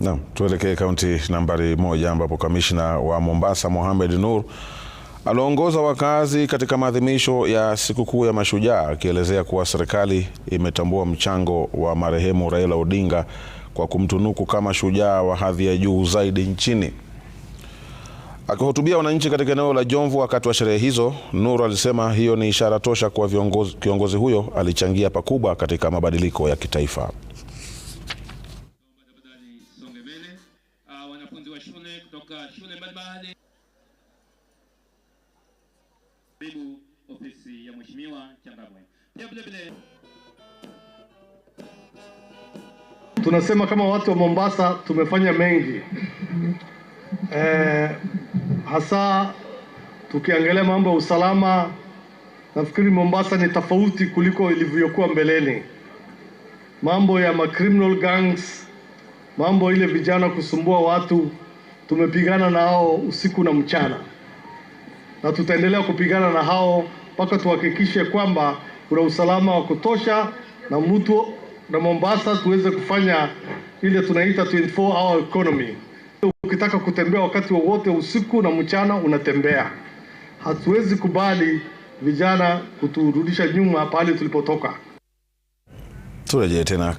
Naam, tuelekee kaunti nambari moja ambapo kamishna wa Mombasa Mohamed Nur aliongoza wakazi katika maadhimisho ya sikukuu ya Mashujaa akielezea kuwa serikali imetambua mchango wa marehemu Raila Odinga kwa kumtunuku kama shujaa wa hadhi ya juu zaidi nchini. Akihutubia wananchi katika eneo la Jomvu wakati wa sherehe hizo, Nur alisema hiyo ni ishara tosha kuwa viongozi, kiongozi huyo alichangia pakubwa katika mabadiliko ya kitaifa. Msemene, uh, wanafunzi wa shule kutoka shule mbalimbali. Bibu ofisi ya Mheshimiwa Changamwe. Pia vile vile tunasema kama watu wa Mombasa tumefanya mengi eh, hasa tukiangalia mambo ya usalama. Nafikiri Mombasa ni tofauti kuliko ilivyokuwa mbeleni. Mambo ya ma criminal gangs mambo ile vijana kusumbua watu, tumepigana na hao usiku na mchana, na tutaendelea kupigana na hao mpaka tuhakikishe kwamba kuna usalama wa kutosha na mtu na Mombasa tuweze kufanya ile tunaita 24 hour economy. Ukitaka kutembea wakati wowote wa usiku na mchana unatembea. Hatuwezi kubali vijana kuturudisha nyuma pale tulipotoka. Turejee tena